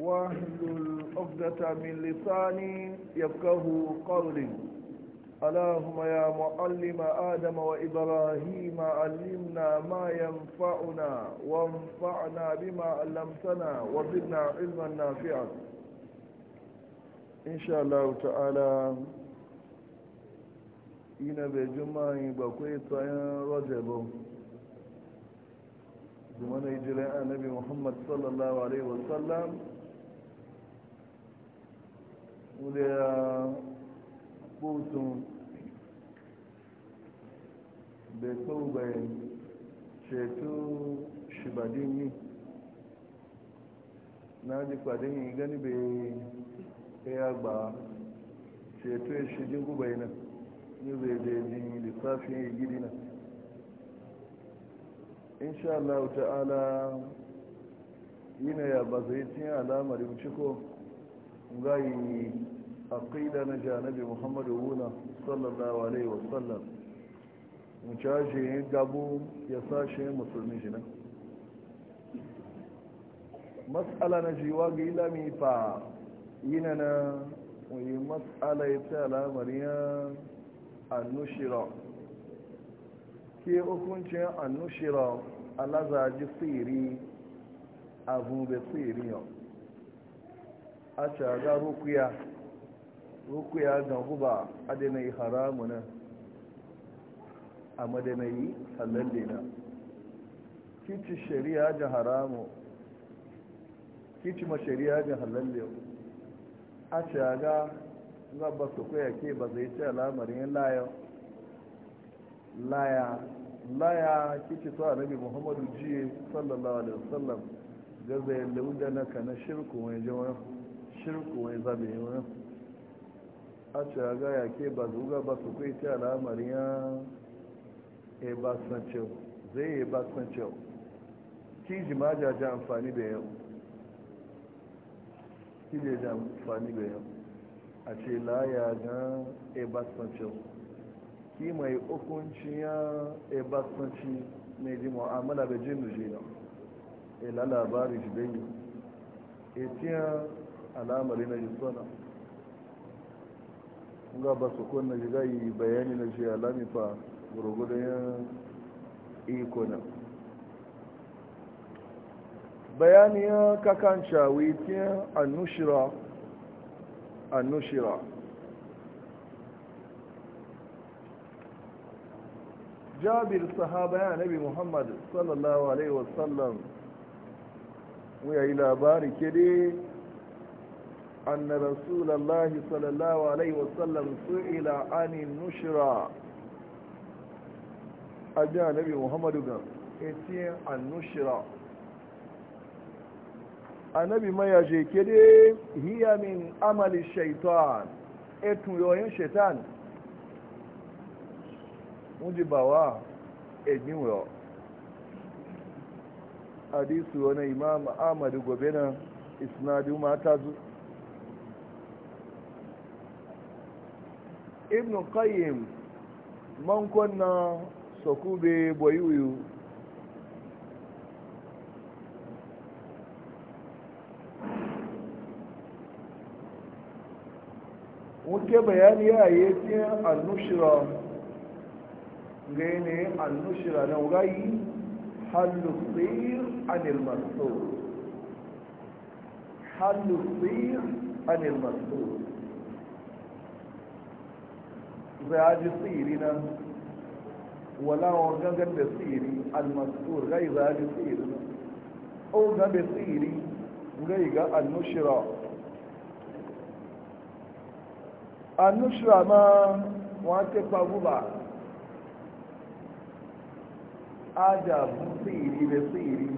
واهل الأفضة من لساني يفقه قولي اللهم يا معلم آدم وإبراهيم علمنا ما ينفعنا وانفعنا بما علمتنا وزدنا علما نافعا إن شاء الله تعالى إن بجمع بقيت ba رجب جمعنا rajabin النبي محمد صلى الله عليه وسلم wuri hutun bai kawo bai ceto shibadin yi na ji kwadin yi gani be ya ba ceto ya shi jin gubai nan ni zai je jin lissafin ya gidi nan ta'ala yana ya ba zai cin alamar a aqida na janabi muhammadu wuna sallallahu alaihi sallam mu cashe gabu ya sashe musulmi jina matsala na jiwa ga ilami fa yina na wani matsala ya ta ya annushira ke hukuncin annushira alazaji tsiri abu da tsiri yau a ga rukuya rukuya ga guba adinai haramu na a madanayi halalle na kici shari'a ga haramu kici ma shari'a da halalle a ga zabba su kuya ke ba zai ce alamarin layan laya laya kici to annabi muhammadu jiye sallallahu alaihi wasallam ga zai lauda na kana shirku wani jama'a shirku wai zabe wani a ce a gaya ke ba zuga ba su kai ya e ba san cewa zai yi e ba san cewa ki ji ma amfani da yau ki je ji amfani da yau a ce laya na e ba san cewa ki mai hukunci ya e ba san ci ji mu'amala da jin da e la labari shi e al'amari na jisona ga ba su kunna shi zai yi bayani na shi alami fa ya iko na ya kakan shawitiyar annushira annushira jabir sahaba ya nabi Muhammadu sallallahu alaihi wasallam mu yayi labari ke dai أن رسول الله صلى الله عليه وسلم سئل عن النشرة أجا نبي محمد قال إتي النشرة النبي ما يجي كده هي من عمل الشيطان إتو يوين شيطان مجبوا إجنوا حديث وانا إمام أحمد قبنا إسناد ما تزو ibn qayyim man kunna sokube boyuyu muke bayani ya yi tiyan annushira ga yanayin annushira na wurayi hallu tsir anil masu hallu tsir anil masu zaji tsiri na wala wa gangan da siri almasur gai zaji tsiri na o ga be siri gai ga annushira annushira ma wa te paguba aja siri be siri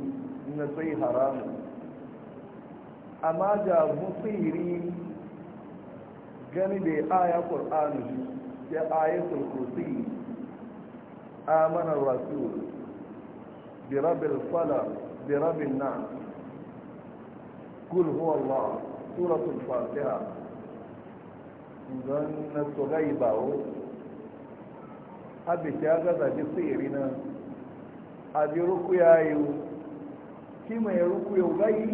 na sai haramu amma da tsiri gani da aya ƙur'anu ya ayatul kursi amana rasul bi rabbil falaq bi rabbin nas kul huwa allah suratul fatiha ngan sugaiba o abi ta ga da sirina abi ruku yayu kima ya ruku yau gai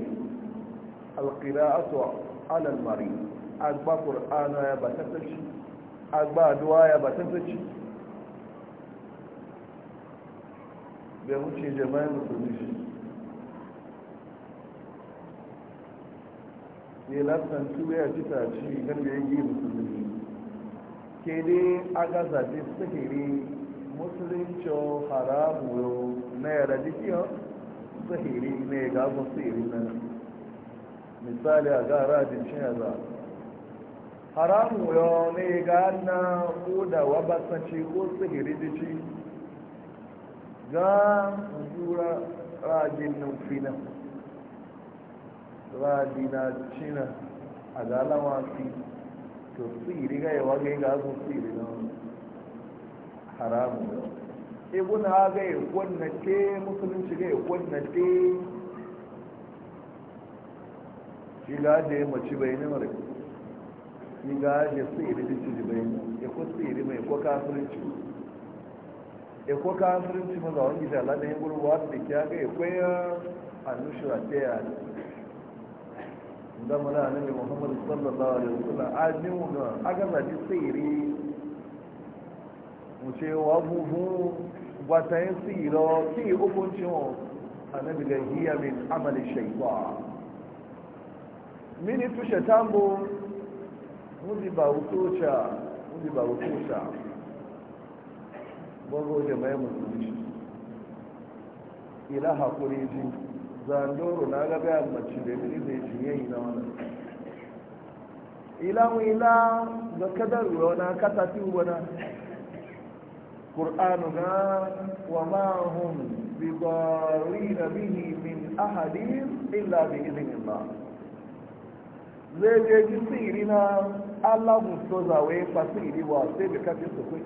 alqira'atu ala al-marid agba qur'ana ya batatashi agba duwa ya batun tace bai wuce jama'in musulmi shi ne lafsan tuwaya cita ci gan da yi musulmi ke dai aka zaɓi sihiri musuluncin haramu na yara dikiyar sihiri ne ga sihiri na misali a gara jinshin ya zaɓi haramu yo ne ga na ku da wabasanci ko sihiri ci ga zura rajin nufina rajina cina a galawa fi to sihiri ga yawa ga ga su sihiri na haramu yau ibn haga ya gwannate musulunci ga ya gwannate shi ga da ya mace bai ne mara ni ga ya tsiri da ci bai ya ko tsiri mai ko kafirinci ya ko kafirinci maza wani gida lada yin gurin da kya ga ya kwaya annushura ta ya da zama na annabi muhammadu sallallahu alaihi wasallam a jin ga aga tsiri mu ce wa bubu wata yin tsiro ki hukuncin annabi min mini tushe tambo muzi ba wutocha muzi ba wutocha bago jama'i musulmi ila hakuri ji zandoro na gaba ya mace da mini zai shi yayi na wani ila mu ila ga kadar ruwa na kasa fi wana qur'anu ga wa ma hum bi darina bihi min ahadin illa bi ba zai je ji na alagun soza wai iri wa sai bi kafin su kai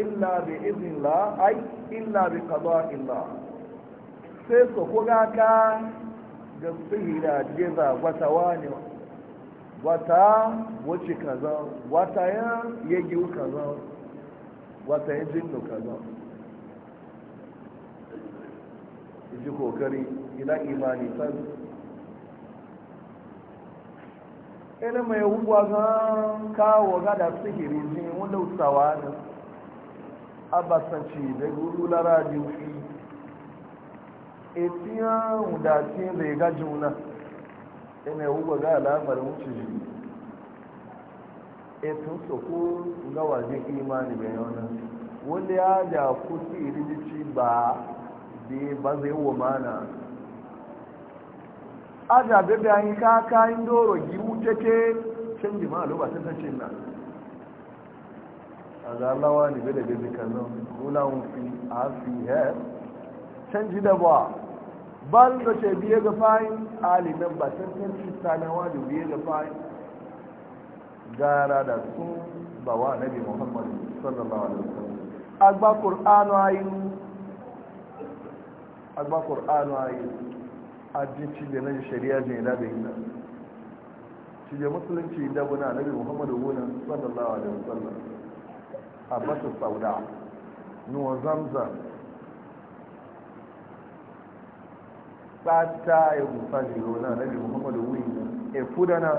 illa bi izin la ai illa bi kaza illa sai su kuga ka ga sihira jeza wata wani wata wuce kaza wata ya yagi kaza wata ya jinnu kaza ji kokari ila imani san ina mai hukwa zan kawo gada sihiri ne wanda usawa ne abasanci da guru lara jufi etiyan wudatin zai ga juna ina hukwa ga alamar wuce ji etun soko ga wajen imani bai yana wanda ya da kusi irijici ba da ba zai wa mana aja bebe an ka kayan doro giwu take canji ma alo ba ta tace na azalawa ne bebe bebe kallon gulawun fi a fi he canji da ba ban da ce biye ga fayin alinan ba ta tace sanawa da biye ga fayin gara da sun ba wa nabi muhammadu sallallahu alaihi wasallam agba qur'anu ayu agba qur'anu ayu ajin cije na shari'a ne na da ila cije musulunci da guna nabi muhammadu guna sallallahu alaihi wasallam a masu sauda nuwa zamzam tsata ya gusa jiro na nabi muhammadu guna e fudana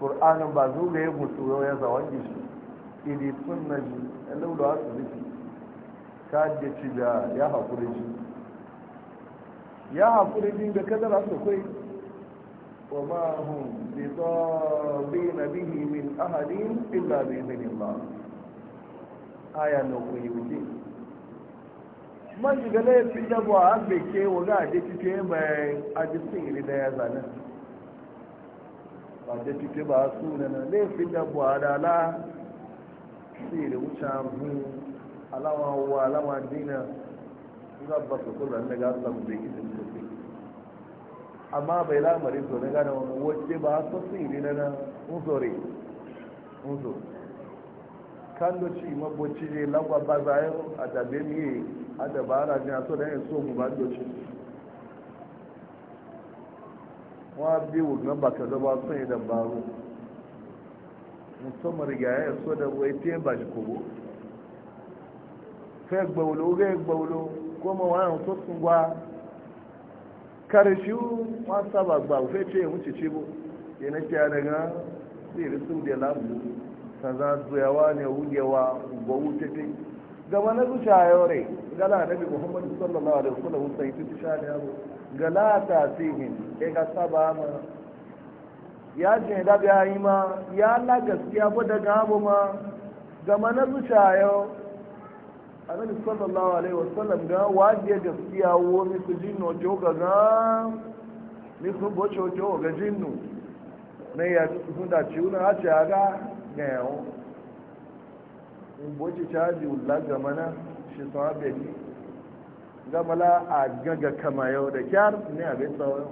ƙur'anin ba zuga ya gusu ya zawon gishi ilifin sun na ji ya laulawa su ziki ka je ci da ya haƙuri shi ya haƙuri din da kadara su kai wa ma hum bi dhabina bihi min ahadin illa bi idhnillah aya no ku yuji man diga ne fi da ba abe ke wa ga de ti ke mai ajisin ri da ya zana ba de ti ke ba su na na ne fi da ba da la sire wuta mu alawa wa alawa dina ga ba su ko da ne ga Allah amma bai lamarin to na gane wani wacce ba su siri na na unzore unzo kan da ci mabocci ne lagwa ba zayen a dabe miye a da ba ana jina so da yin so mu ba da ci wa wu nan ba ka zaba sun yi dabaru musamman rigaya ya so da wai te ba shi kogo fe gbaulo ga gbaulo kuma wani sosun gwa karshe ma saba ba sai ce wuce ce bu ke na kiya daga zai risu da labu ta za yawa ne wujewa ba wuce ce. gama na zuciya yau rai gala na bi muhammadu sallallahu alaihi wasallam wuce ya fi sha da gala ta sihin ya ga saba ma ya ce da biya yi ma ya na gaskiya ba daga abu ma gama na zuciya yau annabi sallallahu alaihi wasallam ga wajiya gaskiya wo mi su jinno jo ga ga mi su bo cho ga jinno ne ya sun da ci a ta ga ga yo in bo ta ji ulla ga mana shi sahabe ni ga mala a gaga kama yau da kyar ne a bai tsawo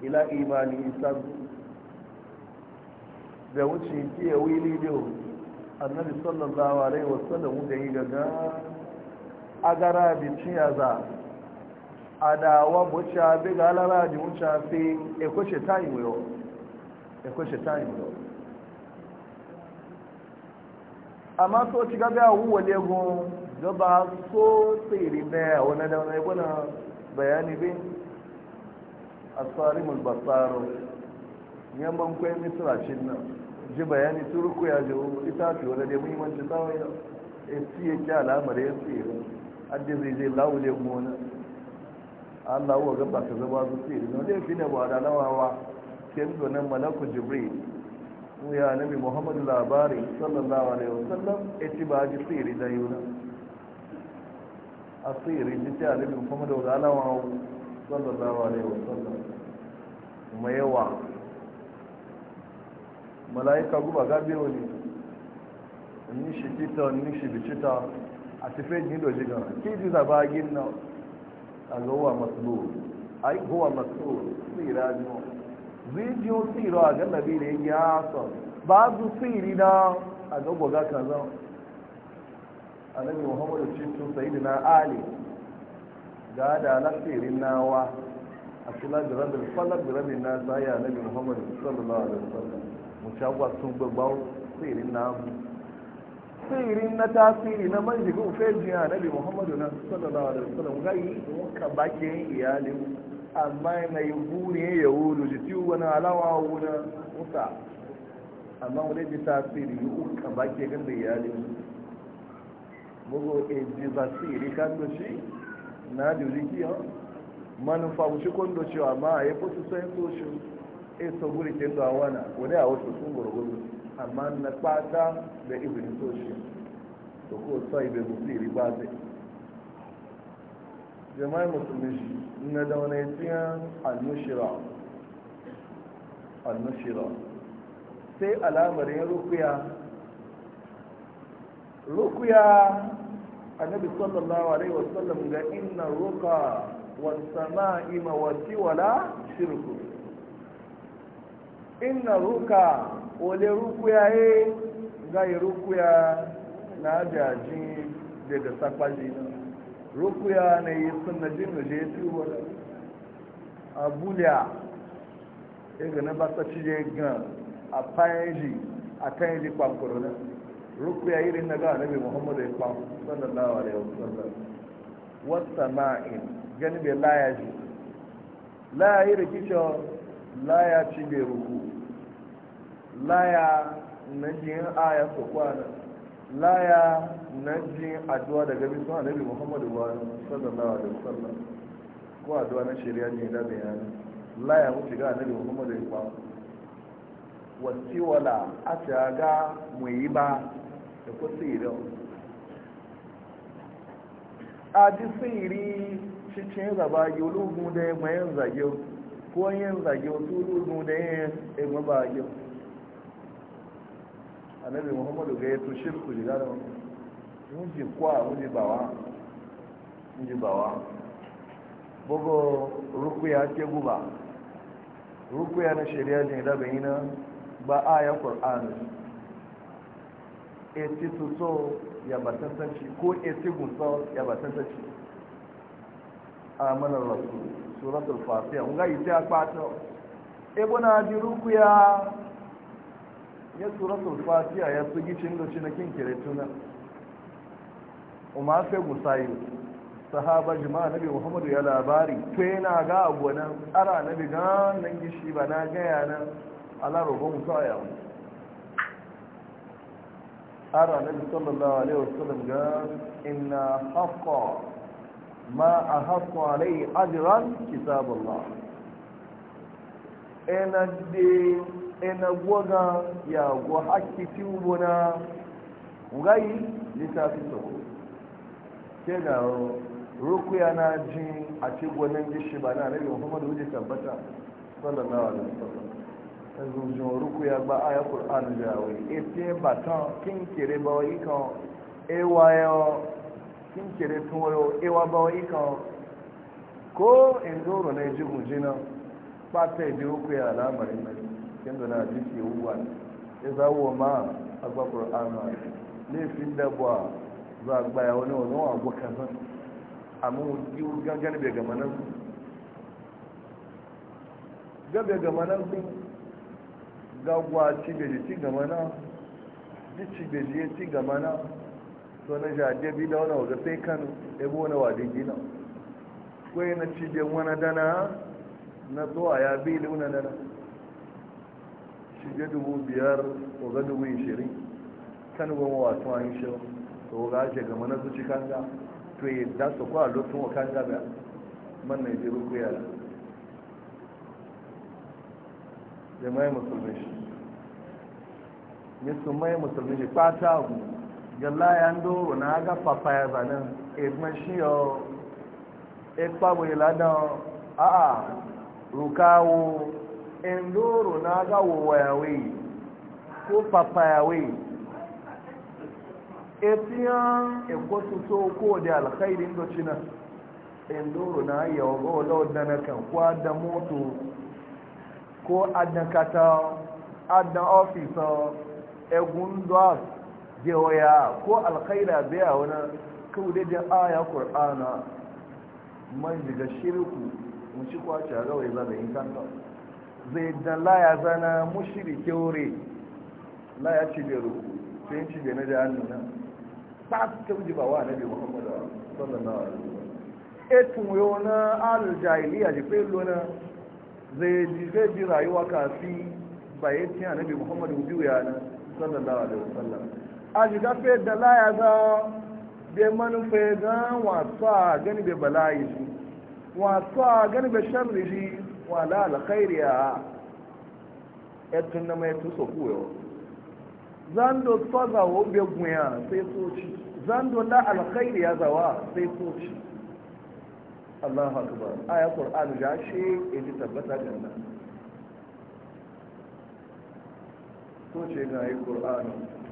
ila imani isan. da wuce ke wili da annabi sallallahu alaihi wasallam ga yi gaga agara bi ciyaza adawa bucha bi galara di buca fi ekoshe time yo ekoshe time yo amma to ci gaba huwa lego gaba so tsiri ne wani da wani gwana bayani bin asarimul basaro yamban kwai misra shin nan ji bayani turku ya ji ita fi wani da muhimmanci tsawon yau a siye ki alamar ya siye adda zai zai laule mona Allah wa gaba ka zama su siye da wani fi da ba da lawawa ken donan malakul jibril mu ya nabi muhammadu labari sallallahu alaihi wasallam ya ci ba ji siye da yuna a siye ji ta nabi muhammadu da lawawa sallallahu alaihi wasallam kuma yawa mala'ika guba gabe wani ni shi kita ni shi bicita a tafe ni da jiga ki ji za ba gin na alwa masbu ai huwa masbu sira no video a ga nabi ne ya so ba zu siri na a ga goga kaza annabi muhammad cikin sayyidina ali ga da lasirin nawa a da rabin falak da rabin nasa ya nabi muhammad sallallahu alaihi wasallam mucagwa sun gbagbawo tsirin na abu tsirin na tasiri na man shiga ufeji a nabi muhammadu na sallallahu alaihi wasallam gai wanka bake yin iyalin amma yana yi buri ya wudu ji ciwo wani alawa wuna wuta amma wani ji tasiri yi uka bake gan da iyalin bugu eji ba tsiri kan doshi na jirgi manufa wuce kon doshi amma a yi kusa sai toshin e so guri ke da wana wani a wasu sun gurguru amma na kwata da ibn toshi to ko sai be ri ba sai jama'a musulmi na da wani tiya al mushira al-nushira sai alamarin rukuya rukuya annabi sallallahu alaihi wasallam ga inna ruka wa sama'i mawati wala shirku inna ruka ole rukuya ga e, gai rukuya na ajaji daga sakwaji rukuya na yi suna jin da ya fi wala abuliya e ga na basa sace gan a fayaji e a kan yi kwakwaro na rukuya iri na ga annabi muhammadu ya kwa sallallahu alaihi wasallam wasa ma'in gani bai ji laya yi rikicin laya ci bai ruku laya na jin aya su kwana laya na jin addu'a daga bisu nabi muhammadu wa sallallahu alaihi wasallam ko addu'a na shari'a ne da bayani laya wuce ga nabi muhammadu ya wasi wala a ga mu yi ba da kusa yi a ji siri cikin zaba yi olugun da ya mayan zage ko yin zage wasu rudu da yin ilmi ba yau annabi muhammadu ga yato shirku jiga da wani kwa wani bawa wani bawa bugu rukuya ke guba rukuya na shari'a ne da bai na ba a e ya ƙur'anu eti tuto ya batantanci ko eti gusa ya batantanci amanar rasu suratul fatiha nga ite akpato ebo na ji ruku ya ya suratul fatiha ya sugi gicin da shi na kinkire tuna umar sai musayi sahaba jima'a nabi muhammadu ya labari to yana ga abu nan ara nabi ga nan gishi ba na gaya nan ala rogon musa ya wani ara nabi sallallahu alaihi wasallam ga inna haqqa ma a haku alai ajiran kitabullah ena ena gwaga ya gwa haki tubuna ngai littafi sako ke ga ruku yana ji a ci gwanin gishi ba na nabi muhammadu wuce tabbata sallallahu alaihi wasallam zuzun ruku ya gba aya qur'an jawe ete batan kin kire ba wai kan kin kere tuwayo ewa eh, bawa ika ko in zoro na ji guji na ta ji uku ya al'amarin mai kin zana ji ke wuwa ya zawo ma a gba ƙur'ana laifin dabuwa za a gbaya wani wani wa abu kazan amma yi gangan bai gama nan su gabe gama nan su gagwa ci gaji ci gama nan ci gaji ci gama nan so na jaje bi da wani waga sai kano ebe wani wadin gina kwaye na cije wani dana na zuwa ya bi da wani dana Cije dubu biyar waga dubu ishirin kano goma wasu an shi to waga ake gama na zuci kanga to yi da su kwa lokacin wa kanga da man na yi ruku yara jama'i musulmi shi mai musulmi shi fata abu galla ya ndoro na aga papa ya zanen e shi ipa e bu iladan a a rukawo e ndoro na aga wowa ya wei ko papa ya wei etiyan ekotuto ko da alkhairi ndo china ndoro na ya ogo lo dana kan kwa da moto ko adan kata adan officer egun dos jewaya ko alkhaira biya wani kawai da aya ƙur'ana man jiga shirku mushi kwace rawai zana yi kanta zai da laya zana mushiri kyaure laya cibe ruku sai yin cibe na jihannuna ta ta wuji ba wa nabi muhammadu sallallahu alaihi wasallam etun yau na aljahiliya jife lona zai jife ji rayuwa kafi bayan na nabi muhammadu biyu ya na, sallallahu alaihi wasallam a shiga fiye da laya za bai manufa ga a gani bai su, shi a gani bai sharri shi wala alkhairi a etun na mai tuso kuyo zando tsaza wo bai gunya sai soci zando na alkhairi ya zawa sai soci Allahu akbar aya Qur'an ja shi ji tabbata da nan ce ga ayi Qur'an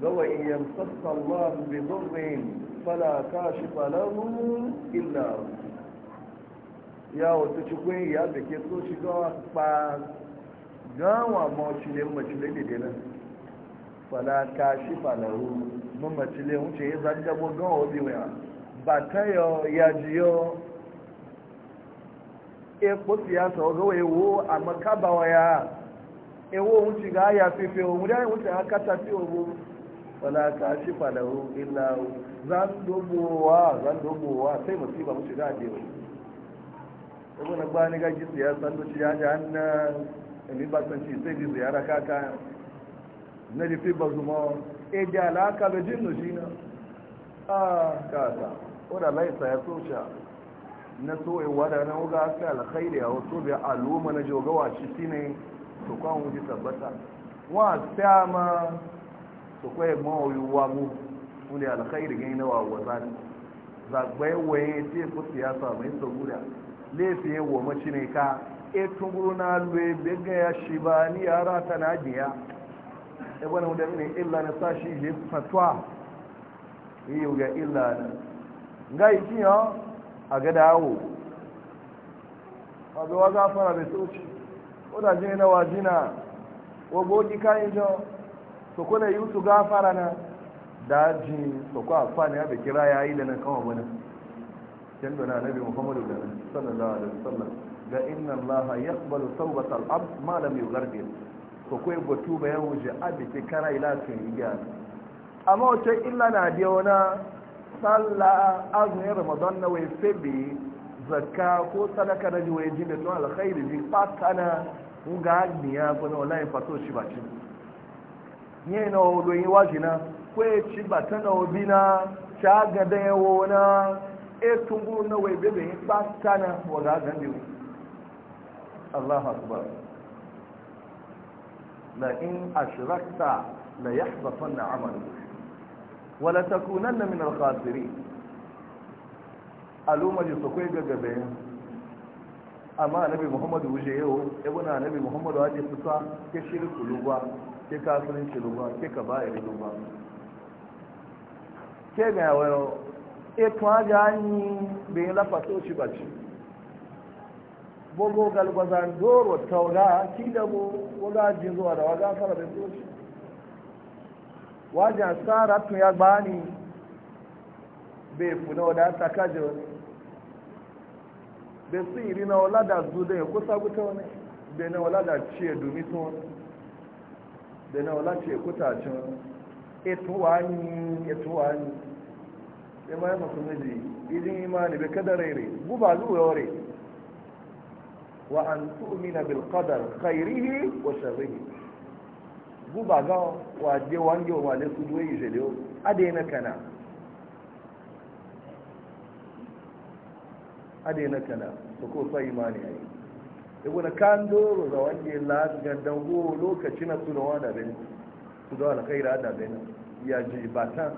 gawa in yamsassa Allah bi dhurrin fala kashi lahu illa ya wata cikin ya da ke so shiga ba gawa mawacile macile da dinan fala kashifa lahu mamacile wuce ya zandabo gawa biya ba ta ya jiyo e ko siyasa o gawa ewo amma kabawa ya ewo wuce ga ya fefe o mu da wuce haka ta fi obo wala ka shi falahu illa zan dogowa zan dogowa sai musiba mu shiga aje wai ko na ba ni ga ji siyasa do ci ya janna ni ba san ci sai ji ya ka ka na ji fi bazuma e da la ka be jin no jina ah kaza. ka ora lai sa ya so sha na so e wada na uga ka alkhairi ya so bi aluma na jogawa shi shine to kwan ji tabbata wa sama so kwaye mawai wamu wani alkhairi gani na wawaza ne zagbai waye ce ku siyasa mai saboda laifin yi wa mace ne ka e tunguru na lwe bega ya shi ba ni yara ta na jiya e wani wanda ne illa na sa shi je fatwa e yi ga illa na ga yi kiyo a ga dawo a zuwa gafara bai soci wadda jini na wajina wagogi kayan jan so kuna yi su gafara na daji so ku amfani ya bai kira yi da nan kawo wani can da na nabi muhammadu da sallallahu alaihi wasallam ga inna allaha yaqbalu tawbata al malam ma lam yughargir so ku yi batu bayan wuce abiki kara ila su yi gya amma wace illa na da wani sallah azumin ramadan na wai febe zakka ko sadaka na ji wai ji da tun alkhairi ji fatana ga agniya ko na wallahi fato shi ba shi nye na odo yi wa jina kwe ci bata na obi na ta ga da yawo na e tungu na wai bebe yi ta na wa ga ga biyu Allah akbar la in ashrakta la yahbatanna amalu wa la takunanna min al-khasirin aluma ji su kai gagabe amma annabi muhammadu wuje yau ibn e annabi muhammadu hadi kusa ke shirku lugwa ke kafirinci ruba ke ka bayar ruba. ke ga yawayo eto aja anyi bai lafato shi ba ce gbogbo galibazan doro taura ki da mu waga jin zuwa da waga fara bai toshi wajen tsara tun ya gbani Be funa wadata kaji wani bai su iri na wala da zuwa ya kusa guta Be bai na wala da ciye domin sun wani da na wala ce kutacin etuwa ni etuwa ni sai ma yana su miji idin imani bai kada rere guba zuwa yore wa an tu'mina bil qadar khairihi wa sharrihi guba ga wa je wange wa le su doyi jele na kana na kana su ko sai imani ai ibn kandoro da wange lagan dango lokaci na tunawa da bin su da alkhaira da bin ya ji batan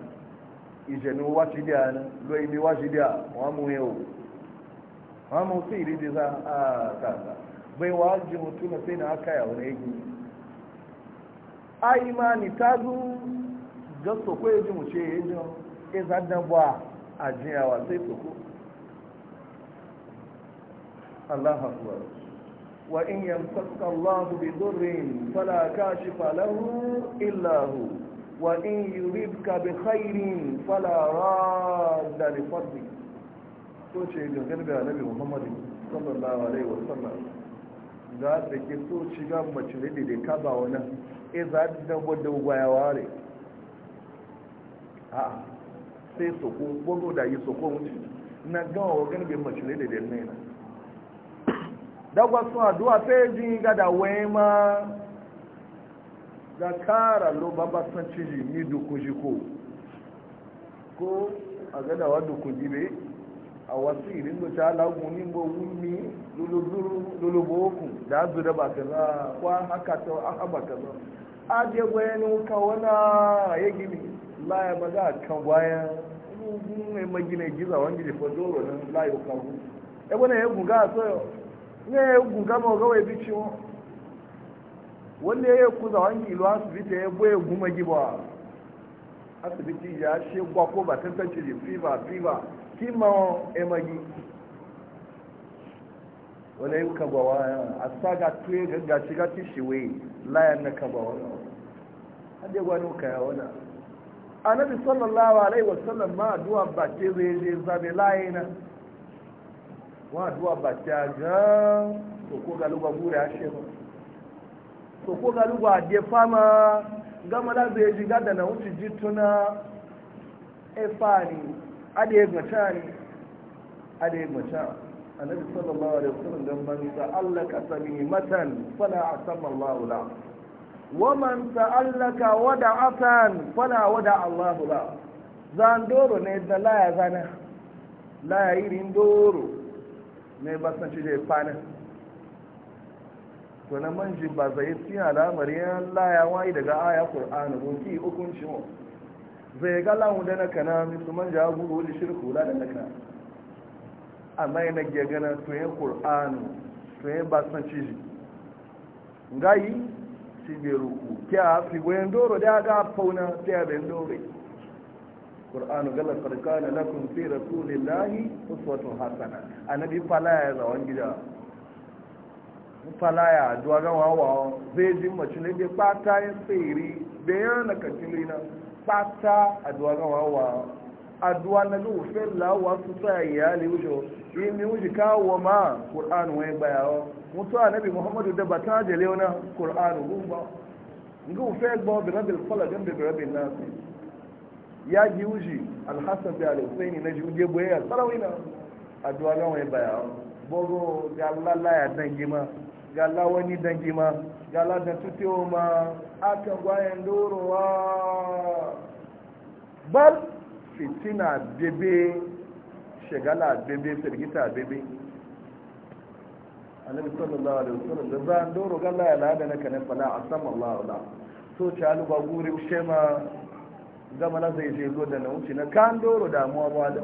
ijenu washidia lo ibi washidia wa mu yau wa mu siri da za a tata bai mutu na sai na aka ya wani yi a imani ta zu ga soko ya ji mu ce ya ji e ya zaddan ba a jiyawa sai soko Allah hakuwa وإن يمسك الله بضر فلا كاشف له إلا هو وإن يريدك بخير فلا راد لفضل so ce gangan da annabi Muhammad sallallahu alaihi za ta ke so shiga mace ne da ta ba e za ta dawo da gwayawa ne a sai soko da yi soko wuce na gawa wa gangan mace da ne dagwa sun addu'a sai jin ga da wema ga kara lo babba san ciji ni duku jiko ko a ga da wadda ku jibe a wasu irin da ta lagu ni bo wumi lulubu da azu da ba kaza kwa haka ta aka ba kaza a je bayani ka wana ya gimi laya ba za a kan bayan mai magina giza wani da fadoro nan layo kawo ebe na ya guga a soyo ne gun kama gawa bi ci wo wanda ya ku za wani ilu asibiti ya boye guma giba asibiti ya ce gwa ba tantan ci fiva fiba fiba kima ya magi ya yi ya a sa asaga tuye ga shiga ci shiwe layan na kagbawa gwa wani ya gwani kaya wani a nabi sallallahu alaihi wasallam ma duwa ba ke zai zai zabe na wọn àdúrà bàtí àgán sòkó galuba gúrẹ́ àṣẹ mọ́ sòkó galuba àdìẹ fáma gámọ́lá bèèjì gádànà ó ti jí túná ẹ̀fà ni adìẹ gbọ̀ntà ni A adìẹ gbọ̀ntà annabi sallallahu alaihi wasallam dan man ta'allaka tamimatan fala asama Allahu la wa man ta'allaka wada'atan fala wada'a Allahu la zan doro ne da laya zana laya irin doro ne basan ci je fana to na manji ba zai ci alamar yan laya daga aya qur'ani mun ki hukunci mu zai ga lawo da na mi su manja guru wani shirku la da naka amma yana ga gana to yan qur'ani to yan basan ci ji ngai ci be ruku kya fi goyen doro da ga fauna ta be qur'anu gala farkana lakum fi rasulillahi uswatun hasana annabi falaya ya zawon gida falaya duwa ga wawa zai ji mace ne ya tsiri da katilina fata a ga wawa aduwa na ga wufin lawa su sa iyali wujo yi mi wuji kawo ma ƙur'anu wai bayawa mutu annabi muhammadu da bata da leona ƙur'anu gumba ga wufin gbawa bi rabin falagan da bi rabin nasi ya ji wuce alhassan da alhussaini na ji wuce boye sarawi na addu'a ga wani baya bogo ga lalla ya dangi ma ga lawani dangi ma ga ladan tutewa ma aka gwayan dorowa bal fitina bebe shagala bebe firgita bebe annabi sallallahu alaihi wasallam da za doro ga lalla ya lada na kanin fala sama allah la so ci aluba gurin shema gama na zai zai zo na wuce na kan doro damuwa ba da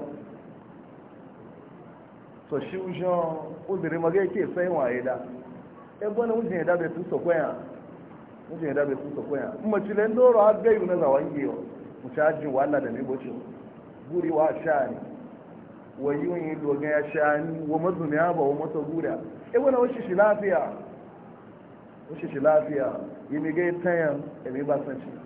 so shi ujo uzuri maga yake sai waye da ebe wani wuce da be tuso kwaya wuce da tuso doro har gayu na zawon yo mu ta ji wala da libo guri wa shani wayun yi ya shani wa mazumiya ba wa mata gura ebe wani wuce shi lafiya wuce shi lafiya yi tayan ebe ba san shi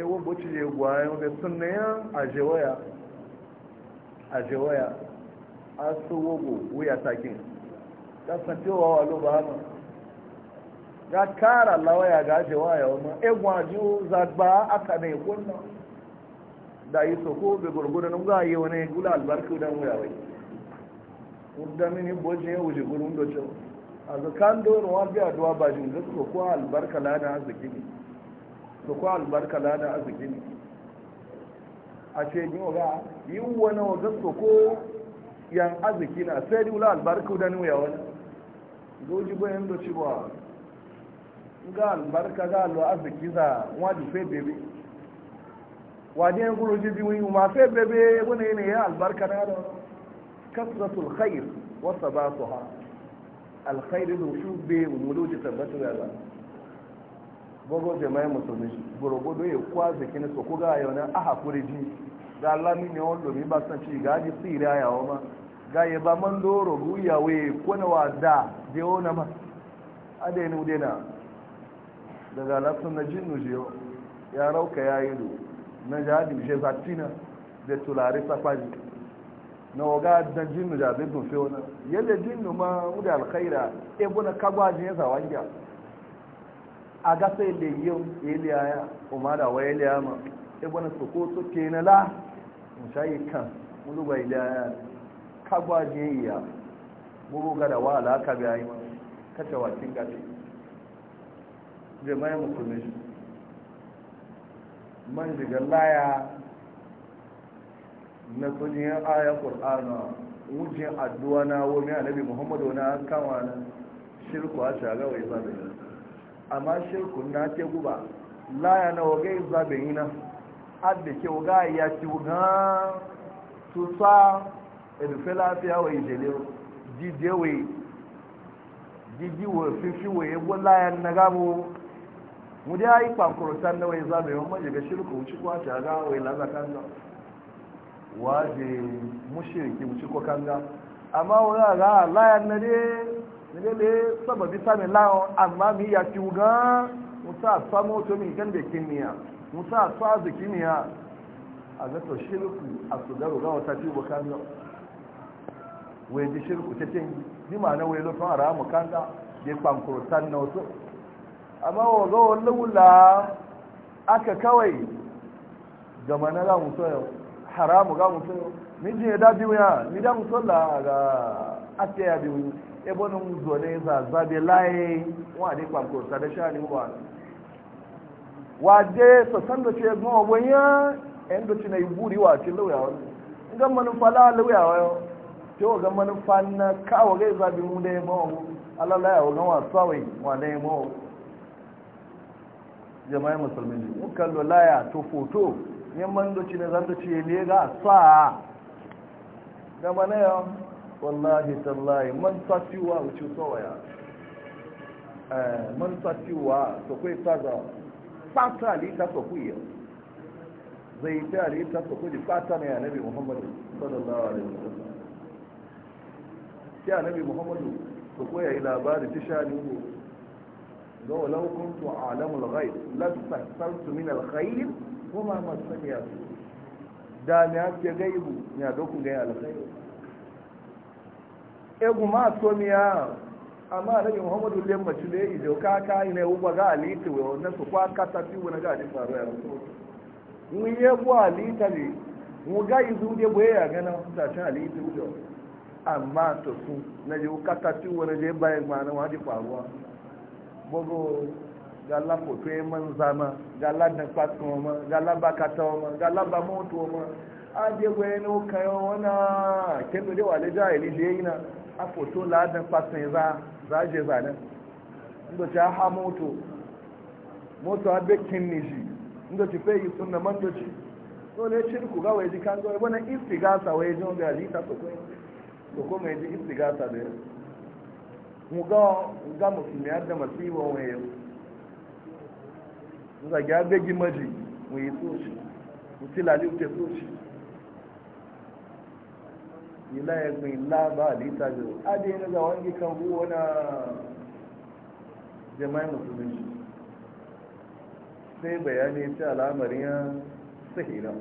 ewo boci je gwayon da sunayen ajewaya ajewaya a tsowogo wuya takin kasancewa wa loba hama ga kara lawaya ga ajewaya wama egwaju zagba aka ne kunna da yi soko bai gurgurin ga yi wani gula albarku don wuyawai wadda mini bojin ya wuce gurin docin a zakan doron wadda ya duwa bajin gasko ko albarka lana arziki ne su kuwa albarka lada a ne a ce yi wa yi wani wajen su ko yan arziki na sai dai wula albarka da nuya wani zoji bayan da ci ba ga albarka ga alwa arziki za wadi fai bebe wadi yan guru ji biyu ma fai bebe wani ne ya albarka na da kasratul khair wasa ba su ha alkhairu shubbe be muludi tabbatar da gogo jama'in musulmi gorogodo ya kwaze kini so kuga yau na a hakuri ji ga lami ne wani domin ba san ci ga ji a yawo ma ga yi ba man doro guya we na wa da je na ma da yi nude na daga lafsun na jin o ya rauka ya yi do na jadi je zatina da tulare safari. na waga da jin nuje abin tun fiye wani yadda jin ma wuda alkhaira ebo na kagwajin ya zawanya a gasa ile yau iliya ya umara wa iliya ma ibu na soko so ke na la in shayi kan muluba iliya ya kagwa je ya muru ga da wa alaka biya yi kace wakin gashi jama'a musulmi man jigar laya na sojiyar aya ƙur'ana wujin addu'a na wani alabi muhammadu na kama na shirku a shagawai ba da amma shirkun na ce guba laya na wagai zaben yi na adda ke waga ya ci wuga tusa irfe lafiya wa ijele jije wa jiji wa fifi wa yabo layan na gabo mu dai ayi kwankurutan na wai zaben yi maji ga shirku wuci kwace a gawa wai laza kanga waje mushirki wuci kwa kanga amma wani ga layan na dai nilele sababi sami lawon amma mi ya gan wuga musa sa moto mi kimiyya musa sa zu kimiyya to shirku a ga wata ci bukan yau wai ji shirku ta ce ni ma na ara mu da ya kwankuro san amma wa ga wannan wula kawai jamana ga musu haramu ga musu yau mijin da biyu da la ake biyu ebonin zone zazabe laye wani kwamfuta da shani wa waje sosan da ce goma wanya yan da ci na yi buri wa ci lauya wani gan manufa la lauya wa ce wa gan manufa na kawo gai zabe mu da ya mawa alala ya wagan wasa wai wa ne ya mawa jama'a mu kallo mukan lolaya to foto yan man da ci na zan da ci ya lega sa gama na yau والله تالله من فاتيوا وتشوتوا يا من فاتيوا سوكوي فازا فاتا لي تا سوكوي زي تالي لي تا فاتا يا نبي محمد صلى الله عليه وسلم يا نبي محمد سوكوي الى بار تشاني لو لو كنت اعلم الغيب لاستحصلت من الخير وما مسني يا دا ne ake gaibu ya dokun gaya egwu ma somiya amma nabi muhammadu lemma ci da ijo ka ka na uba ga alita wa wannan su kwa kata ci wani ga alita faru ya rasu mun yi bu alita ne mun ga izu da boye ya gana tashin alita ujo amma to su na je kata ci wani je bayan ma na wani faruwa bogo gala foto ya man zama gala dan kwatko ma gala bakata ma gala ba moto ma a je boye no kayo wana kendo da wale jahili da yi na a foto ladan fasin za za je zanen inda ci ha moto moto a bekin niji inda ci fe yi sunna mandoci so ne shirku ga waje kan zo wani istigasa waje jin ji ta sokoi to ko mai ji istigasa da yau mu ga ga musulmi har da masiba wani yau mu zagi abegi maji mu yi soci mu tilali uke soci ila ya gbin laba lita biyu adi yana ga wangi kan buwa na jama'in musulunci sai bayani ta al'amarin ya sihira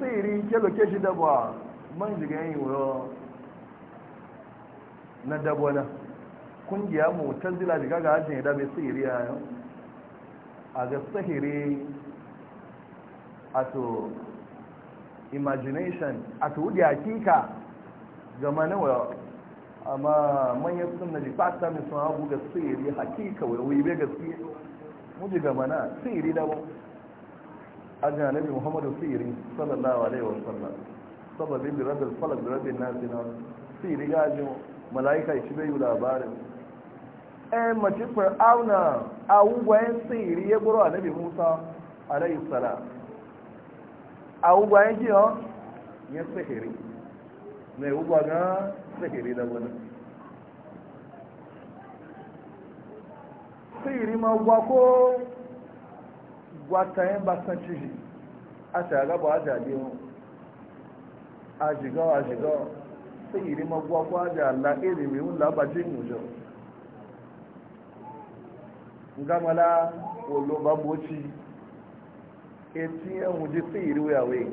sihiri ke loke shi dabwa man jiga yin wuro na dabwa na kungiya mu tanzila jiga ga ajin da mai sahiri a yau a ga sihiri a to imagination a tuɗi hakika ga manawa amma manyan sun na jifa ta mai sun hagu ga tsiri hakika wai bai gaske muji ga mana tsiri da a janabi muhammadu tsiri sallallahu alaihi wasallam sababin da rabin falak da rabin nasi na tsiri ji mala'ika shi bai yi labarin ɗayan mace fir'auna a wugwayen tsiri ya guro a nabi musa alaihi salam a ugwa yin kiyo ya sihiri mai ugwa ga sihiri da wani sihiri ma ugwa a shaga ba a jade mu a jigawa jigawa ma ugwa ko a jala iri mai wula etiyan wuje sai ruya wai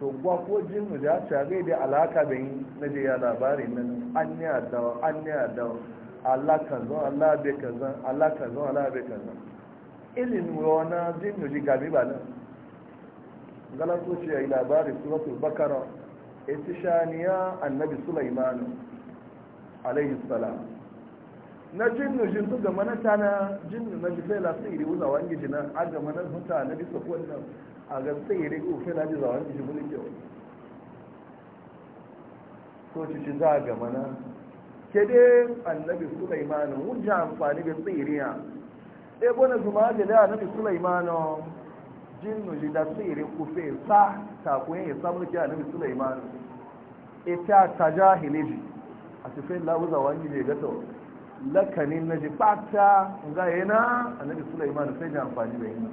to gwa ko jin mu da ta gai da alaka da yin na je ya labarin nan an ne adawa an ne adawa Allah kan zo Allah be kan zo Allah kan zo Allah be kan zo ilin wona jin mu ji gabi ba nan ko ce ai labari suratul bakara itishaniya annabi sulaiman alayhi salam na jinnu jin ga gama na jinnu na jifai la sai iri wuza wangi jina a ga na huta na bisa kwanan a ga sai iri ga ufe na jiza wangi jini mulki wani so ci ci za gama na. ke dai annabi sulaimanu wujja amfani da tsiriya e bona zuma ga da annabi sulaimanu jinnu ji da tsiri kufe sa ta ya samu ke annabi sulaimanu ita e tajahiliji a cikin lauza wani ne ga tawo lakanin na jifata ga yana annabi sulaiman sai da amfani da yana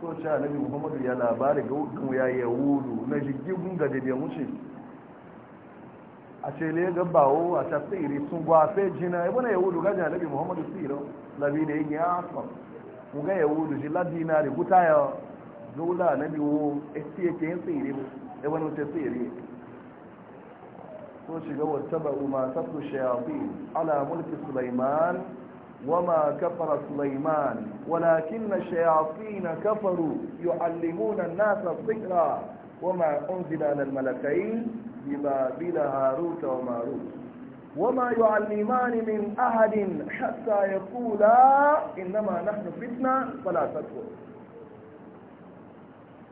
so ce annabi muhammadu ya labari ga hukun ya yi wulu na jigin ga daidai wuce a ce ga bawo a ta tsiri sun gwafe jina ya bane yahudu gajin annabi muhammadu tsiro labi da yin ya asfam mu ga yahudu ji ladina da guta ya zula annabi wo esti ke yin tsiri ya bane wuce tsiri so shiga wattaba'u ما tatlu الشياطين على ملك سليمان وما كفر سليمان ولكن الشياطين كفروا يعلمون الناس الذكرى وما أنزل على الملكين ببابل هاروت وماروت وما يعلمان من أحد حتى يقولا إنما نحن فتنة فلا تكفر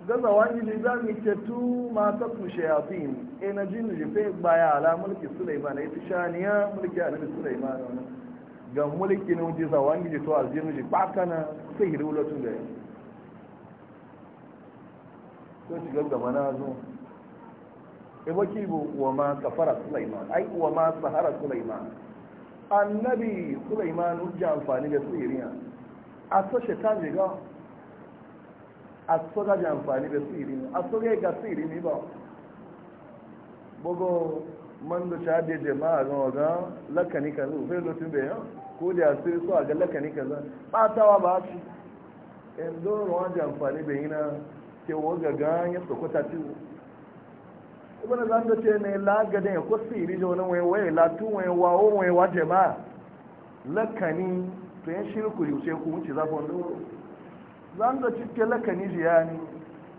gaza wani ne za mu ce tu ma ta su shayafin e eh, na jin rufe baya ala mulki sulaiman ya fi shaniya mulki annabi sulaiman ga mulki ne wuce za wani ne to aljinu ji bakana sai hiru lotun da ya to shi gaga na zo e eh, baki bu wa ma kafara sulaiman ai wa ma sahara sulaiman annabi sulaiman ujja amfani da sihiriya a sashe ta jiga a soga ji amfani da sirri a soga ga sirri ne ba bugu man da shaɗe jama'a ga waga lakani ka zo fai lokacin da yan ko da ya sai so a ga lakani ka zan ɓatawa ba su in zo ruwa ji amfani da yana ke waga ga ya sokuta ciwo ibana za ta ce ne lagadin ya ko sirri da wani wai wai latu wai wawo wai wa jama'a lakani to yan shirku yushe ku wuce zafin doro zan da cike lakani jiyani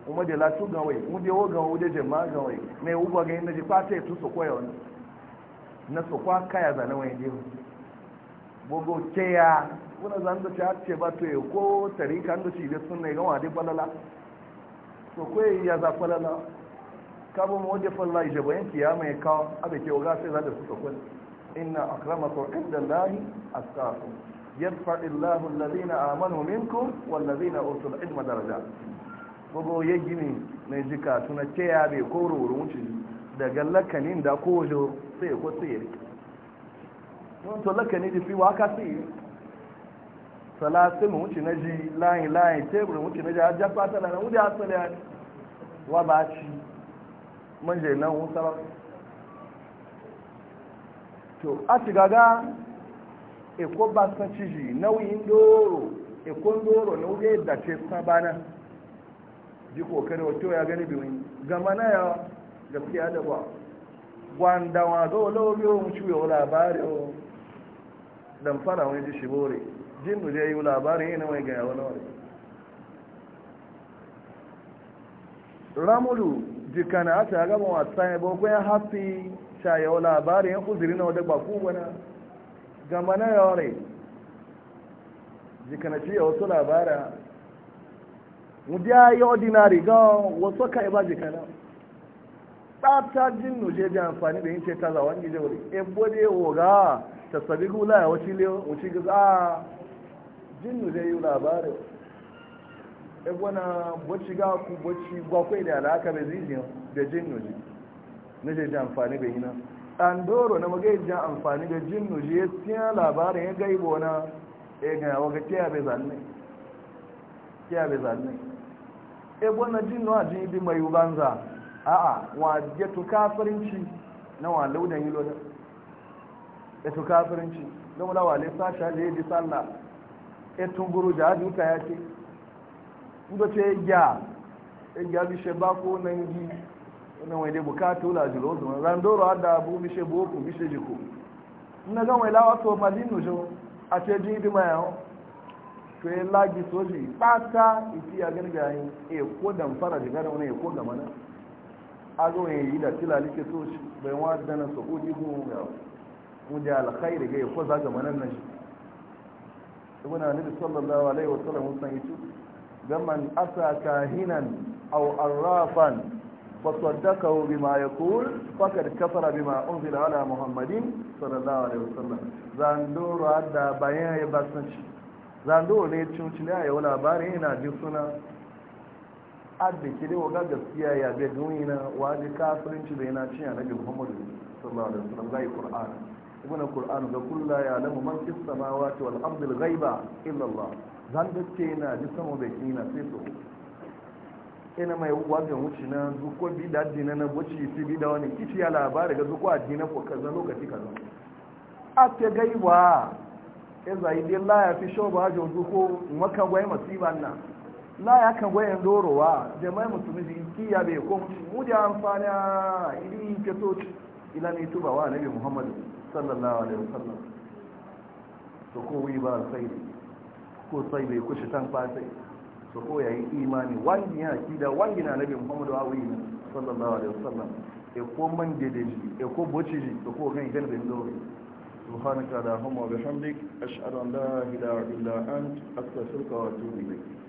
kuma da latu gawai muje wo gawo da jama gawai mai uba ga yanda etu fata ya tuso koya wani na so kwa kaya zana wani je bogo keya wani zan da ci ba to ya ko tarika da ci da sunna ga wani falala so ya za falala kabo mu wajen falala ije bayan kiyama ya kawo ke wa gasa za su so يرفع الله الذين آمنوا منكم والذين أوتوا العلم درجات gogo ya gini mai jika tuna ce ya bai koro wurin daga lakanin da kojo sai ko tsiri don to lakani da fi waka salatin wuce na ji layin layin teburin wuce na ji har jafa tana na asali ya wa ba nan wusa eko ba san ciji nauyin ndoro ekon ndoro na wuge da ce san bana ji kokari wato ya gani biyu gama na ya gaskiya da ba gwanda wa zo lobe mu ci yau labari oh. dan fara wani ji shibore jin mu je yi labari ne wai ga wani wani ramulu jikana ata gaba wasa ya bogo ya hafi shayo labari ya kuziri na wadda ba ku ga mana yawon jikanaci ya wasu labara mudiya yi ordinary ga wasu ka iba jikana tsata jin nuje da amfani da yin ce ta wani gije wuri ebo bude yawo ta sabi gula ya wuce lewa wuce gaza a jin nuje yi labarin ebo na bocci ga ku bocci gwakwai da alaka bai zijin da jin nuje nuje da amfani da yi nan ɗandoro na magaijin amfani da jinnu shi ya tiya labarin ya gaibo na ya gaya waga tiya bai zanne tiya bai zanne ebo na jinnu a jini bi mai banza a'a wa ya tuka kafirinci na wa launin yi lona ya tuka kafirinci don wa wale sasha da ya ji sallah ya e, tunguru da hajji wuta ya ce ce ya gya ya gya bishe bako nan gi wannan wai dai bukatu la jiro zuwa randoro hada bu mishe boku mishe jiko na ga wai lawa to madinu jo a ce jin bi ma yawo to ya lagi soji pata iti ya garga yi e ko dan fara diga da wani e ko gama mana. a zo yi da tilali ke soji bai wa dana so uji mu ya mu da alkhairi ga e ko za gama nan nan ibn annabi sallallahu alaihi wasallam sun yi tu gaman asa kahinan aw arrafan فصدقه بما يقول فقد كفر بما أنزل على محمد صلى الله عليه وسلم زاندور عدى بيان يبسنش زاندور ne cuncin ya yi labari yana ji suna adda kire gaskiya ya bai duniya waje kafirinci da yana cin annabi Muhammad sallallahu alaihi wasallam gai Qur'an ibn Qur'an ga kullu ya lamu man fis samawati wal ardi al ghaiba illa Allah zan dace yana ji sama bai kina sai ina mai wajen wuce na zuko bi da dina na wuce su bi da wani kici ya labari ga zuko a dina ko kaza lokaci kaza a ke gaiwa ya zai dai la ya fi sho ba wajen zuko maka gwai masiban nan la ya kan gwai yan dorowa jama'i musulmi ki ya bai ko mu da amfani a ili ke to ila ne tuba wa nabi muhammad sallallahu alaihi wasallam to ko wi ba sai ko sai bai kushi tan fasai su ko yayi imani wangi ya kida wangi na nabi muhammadu awi sallallahu alaihi wasallam e ko man dede ji e ko boci ji to ko kan gan bin dore subhanaka allahumma wa bihamdik ashhadu an la ilaha illa ant astaghfiruka wa atubu ilayk